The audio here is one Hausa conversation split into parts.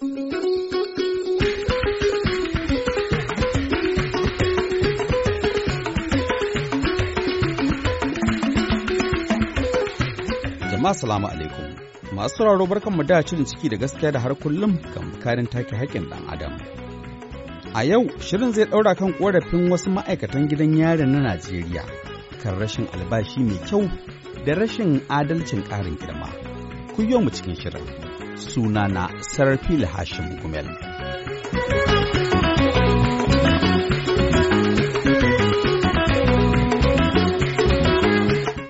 Jama'a salamu alaikum. Masu sauraro barkan mu da cikin ciki da gaskiya da har kullum kan karin take haƙƙin ɗan adam. A yau shirin zai ɗaura kan ƙorafin wasu ma'aikatan gidan yari na Najeriya kan rashin albashi mai kyau da rashin adalcin ƙarin girma. Ku mu cikin shirin. sunana sarfil hashim gumel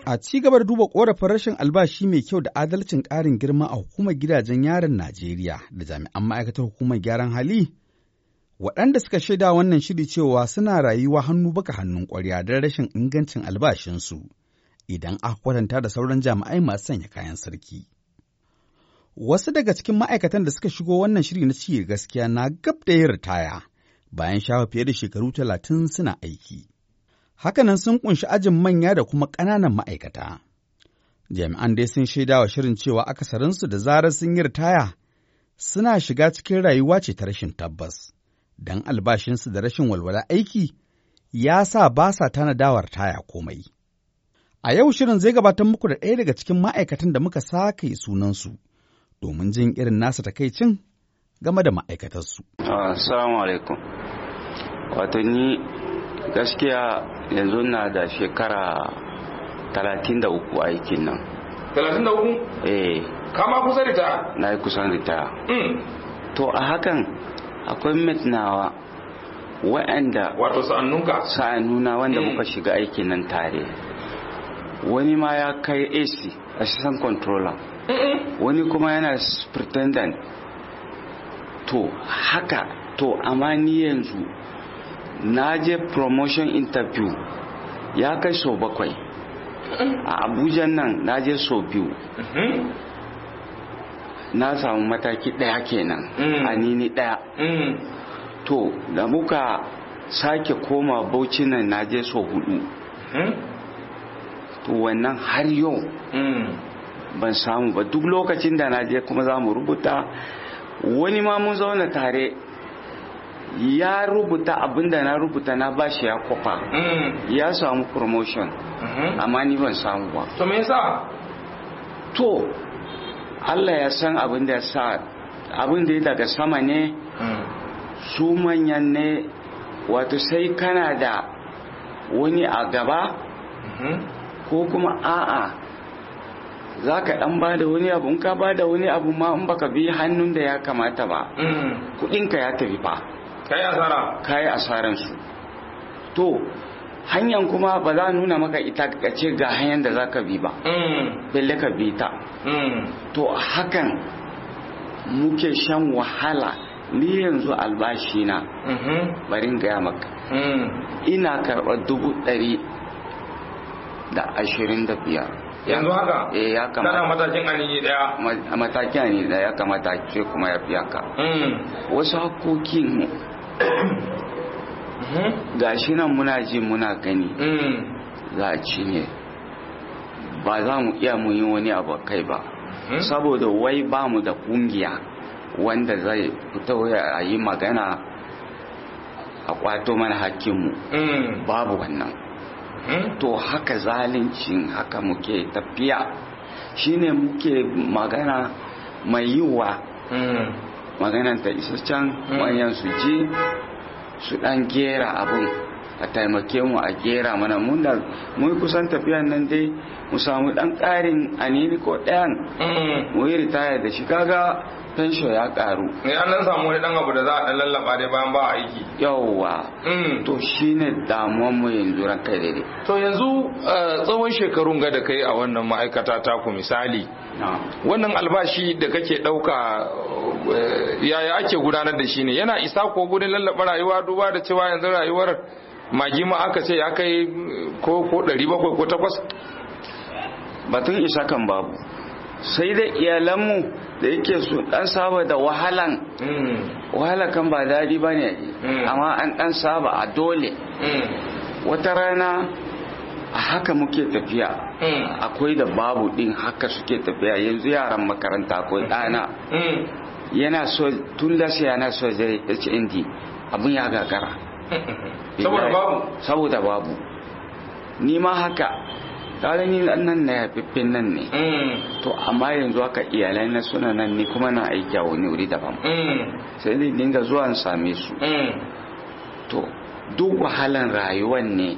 a ci gaba da duba korafin rashin albashi mai kyau da adalcin karin girma a hukumar gidajen yaron najeriya da jami'an ma'aikatar hukumar gyaran hali waɗanda suka shaida wannan shiri cewa suna rayuwa hannu baka hannun ƙwarya don rashin ingancin albashinsu idan aka kwatanta da sauran jami'ai masu sanya kayan sarki. Wasu daga cikin ma'aikatan da suka shigo wannan shiri na ciki gaskiya na gab da yin ritaya bayan shafa fiye da shekaru talatin suna aiki. Hakanan sun kunshi ajin manya da kuma ƙananan ma'aikata. Jami'an dai sun shaida wa shirin cewa akasarinsu da zarar sun yi ritaya suna shiga cikin rayuwa ce ta rashin tabbas, don albashinsu da rashin walwala aiki ya sa ba sa tanadawar taya komai. A yau shirin zai gabatar muku da ɗaya daga cikin ma'aikatan da muka sake sunansu. domin jin irin nasa takaicin game da ma'aikatarsu. Assalamu alaikum. Wato ni gaskiya yanzu na da shekara 33 aikin nan. 33? Eh. Kama kusa ritaya? Na yi kusan ritaya. Mm. To a hakan akwai mitnawa wa'anda. Wato sa'annunka? Sa'annuna wanda mm. muka shiga aikin nan tare. wani ma ya kai ac assistant controller eh, eh. wani kuma yana superintendent to haka to amma ni yanzu na je promotion interview ya kai so bakwai a abuja nan na je so biyu mm-hmm. na samu mataki daya kenan mm. a nini daya mm. to da muka sake koma bauchi nan na je so hudu mm-hmm. to wannan har yau hmm. ban samu ba duk lokacin da na je kuma za mu rubuta wani ma mun zauna tare ya rubuta abinda na rubuta na bashi ya kwafa hmm. ya samu promotion hmm. amma ni ban samu ba to me yasa to Allah ya san abinda ya sa abin da ya daga sama ne su manyan ne wato sai kana da wani a gaba ko kuma a'a za ka ɗan ba da wani abu in ka ba da wani abu ma in baka bi hannun da ya kamata ba mm. kuɗinka ya tafi fa kai asara kai asaran su to hanyar kuma ba za nuna maka ita ka ce ga hanyar da za ka bi ba mm. belle ka bi ta mm. to hakan muke shan wahala ni yanzu albashi na mm-hmm. barin gaya maka ina karɓar dubu ɗari da ashirin da biyar yanzu haka eh ya kamata kana matakin anini daya a matakin anini daya ya kamata ce kuma ya fi haka hmm. wasu hakokin mu hmm. shi nan muna ji muna gani hmm. za a ci ne ba za mu iya mu yi wani abu kai ba saboda wai ba mu da kungiya wanda zai fito a yi magana a kwato mana hakkinmu babu wannan Eh, to haka zalincin haka muke tafiya shine muke magana mai yiwa hmm. maganan ta isa can wayan hmm. su ji su dan gera abun a taimake mu a gera mana mun da mun kusan tafiyan nan dai mu samu dan karin anini ko dayan hmm. mu yi ritaya da shi kaga fensho ya karu ne an nan samu wani dan abu da za a dan lallaba dai bayan ba aiki yawwa mm. to shine damuwar mu yanzu ran kai daidai to yanzu eh, tsawon shekarun ga da kai a wannan ma'aikata ta ku misali wannan albashi da kake dauka eh, yaya ake gudanar da shi ne yana isa ko gudun lallaba rayuwa duba da cewa yanzu rayuwar magi ma aka ce ya kai eh, ko ko 700 ko 800 batun isa kan babu sai da iyalanmu da yake su dan saba da wahalan mm. wahala kan ba daɗi ba ne mm. amma an dan saba a dole mm. wata rana a haka muke tafiya akwai da babu ɗin haka suke tafiya yanzu yaran makaranta akwai ɗana yana so tun sai yana so zai ce abin ya gagara saboda babu saboda babu ni ma haka ni nan na haifaffen nan ne mm. to amma yanzu haka iyalai na suna nan ne kuma na aiki a wani wuri daban mm. sai dai dinga zuwa in same su mm. to duk wahalan rayuwan ne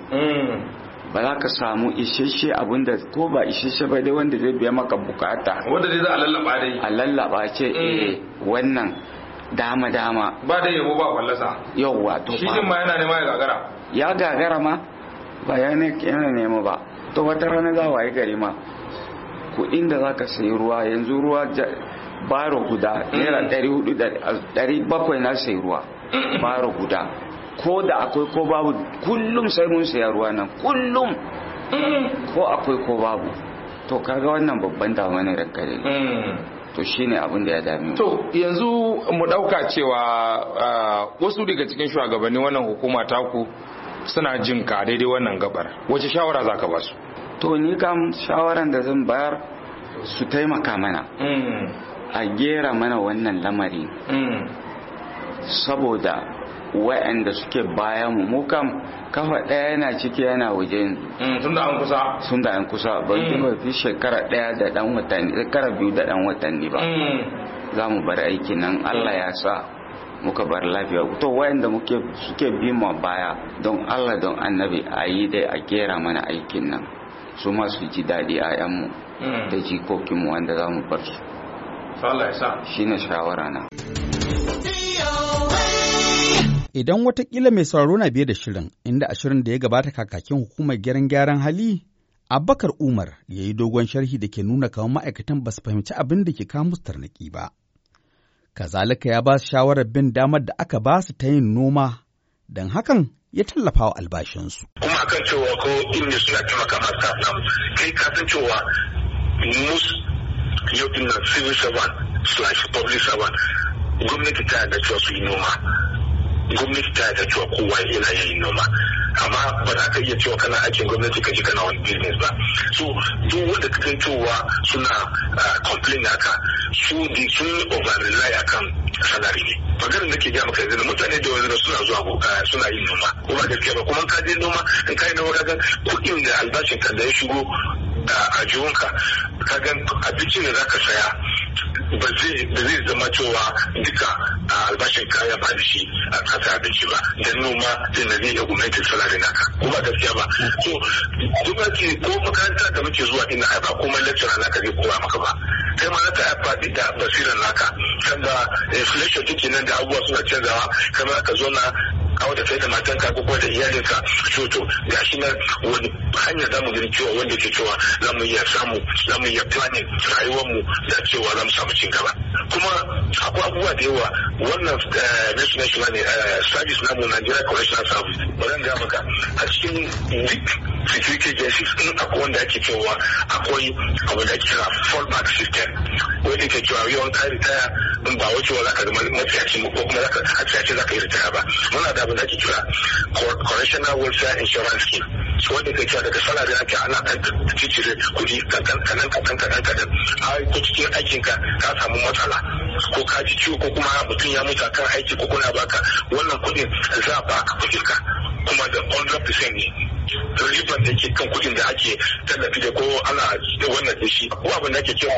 ba za ka samu isheshe abin da ko ba isheshe ba dai wanda zai biya maka bukata wanda zai za a lallaba dai a lallaba ce eh wannan dama dama ba da yabo ba fallasa yawwa to shi ma yana nema ya gagara ya gagara ma ba ya yana nema ba to wata rana za yi gari ma kuɗin da za ka sayi ruwa yanzu ruwa baro guda naira ɗari hudu ɗari bakwai na sayi ruwa baro guda ko da akwai ko babu kullum sai mun saya ruwa nan kullum ko akwai ko babu to kaga wannan babban damuwa ne ranka to shi abin da ya dame to yanzu mu ɗauka cewa ah, wasu daga cikin shugabanni wannan hukuma taku suna jin ka daidai wannan gabar wace shawara za ka ba su to ni kam shawaran da zan bayar su taimaka mana mm. a gera mana wannan lamari mm. saboda wa'anda suke bayan mu kam kafa ɗaya yana ciki yana waje sun mm, da an kusa sun da an kusa ba fi shekara ɗaya da ɗan watanni shekara biyu da ɗan watanni ba za mu bar aikin nan allah ya sa muka bar lafiya to wayanda muke suke bi mu baya don Allah don annabi ayi, yi dai a gera mana aikin nan su ma su ji daɗi a mu hmm. da jikokinmu wanda za mu bar su shi ne shawara na idan watakila mai sauraro na biye da shirin inda a shirin da ya gabata kakakin hukumar gyaran gyaran hali Abakar Umar ya yi dogon sharhi da ke nuna kamar ma'aikatan ba su fahimci abin da ke kawo musu tarnaki ba. kazalika ya ba su shawarar bin damar da aka ba su ta yin noma, don hakan ya tallafa wa albashinsu. Kuma akan cewa ko inda suna taimaka masu samu, kai kasan cewa mus yau din civil servant slash public servant gwamnati ta yarda cewa su yi noma, gwamnati ta yarda cewa kowa yana yin noma. amma ba za ka iya cewa kana aikin gwamnati ka ji kana wani business ba so duk wanda ka san cewa suna ah, complain haka su di sun over rely akan salary ne maganar da ke gaya maka yanzu mutane da yanzu suna zuwa ah, suna yin noma ba gaskiya ba kuma ka je noma in ka yi noma ka kuɗin da albashin ka da ya shigo ah, a jiwonka ka ga abincin da za ka saya ba zai zama cewa duka albashin kaya ba da shi a kasa abinci ba don noma da na zai iya gwamnatin salari naka ko ba gaskiya ba so ke ko makaranta da muke zuwa ina ba komai lecturer naka zai koya maka ba sai ma na ta faɗi da basiran naka kan da inflation take nan da abubuwa suna canzawa kamar ka zo na kawo da kai da ka ko kuma da iyalinka so to gashi na wani hanya za mu gani cewa wanda ke cewa za mu iya samu za mu iya planning mu da cewa za mu samu cin gaba kuma akwai abubuwa da yawa wannan eh, national shima ne eh, service namu Nigeria correctional service ba zan ga maka a cikin week security agencies in akwai wanda ake cewa akwai abu da kira fallback system wanda ke cewa yawan ka ritaya in ba wace wa zaka zama matsiyaci ko kuma zaka a ce zaka yi ritaya ba muna da abu da ake kira correctional welfare insurance scheme su wanda ke cewa daga da ake ana ɗan cicire kuɗi kanan kaɗan kanan kaɗan ko cikin aikin ka ka samu matsala ko ka ji ciwo ko kuma mutum ya mutu kan aiki ko kuna baka wannan kuɗin za a baka kuɗin kuma da 100% ne riban da ke kan kuɗin da ake tallafi da ko ana wannan da shi ko abin da ake kira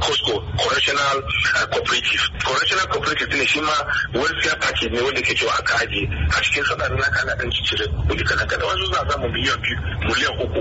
Costco correctional eh, cooperative correctional cooperative ne shi ma welfare package ne wanda ke cewa aka aje a cikin sadarin na kana dan cicire kudi kana kada wasu za a samu miliyan biyu miliyan uku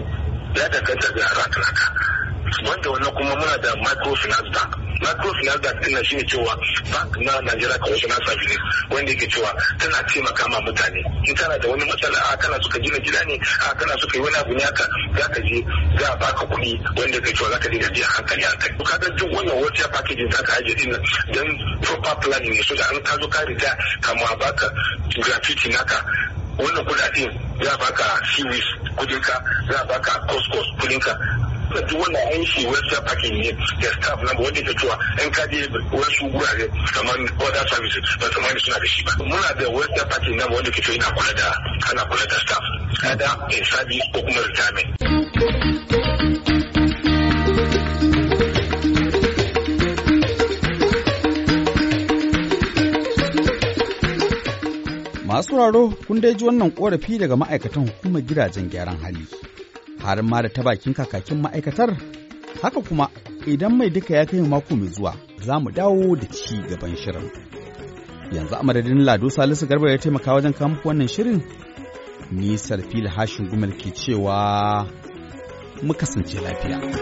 ya danganta da ranar wanda wannan kuma muna da microfinance bank microfinance bank tana shine cewa bank na Nigeria Commercial Services wanda yake cewa tana taimaka ma mutane in kana da wani matsala a kana suka gina gida ne a kana suka yi wani abu ne haka za ka je za a baka kuɗi wanda yake cewa za ka dinga biyan hankali hankali ka ga duk wannan wata packaging za ka ajiye din dan proper planning ne so da an ka zo ka riga kama baka gratuity naka wannan kudaden za a baka series kudinka za a baka cost cost kudinka da duk wannan an shi website fakin ne da staff na wanda ke cewa in ka je wasu gurare kamar other services ba kamar tsammani suna da shi ba muna da website fakin na wanda ke cewa ina kula da ana kula da staff kada in sabi ko kuma retirement Masu raro kun dai ji wannan korafi daga ma'aikatan hukumar gidajen gyaran hali. har ma da ta bakin kakakin ma'aikatar haka kuma idan mai duka ya kai mako mai zuwa za mu dawo da ci gaban shirin yanzu a madadin lado salisu garba ya taimaka wajen kamfu wannan shirin ni sarfil hashin gumel ke cewa mu kasance lafiya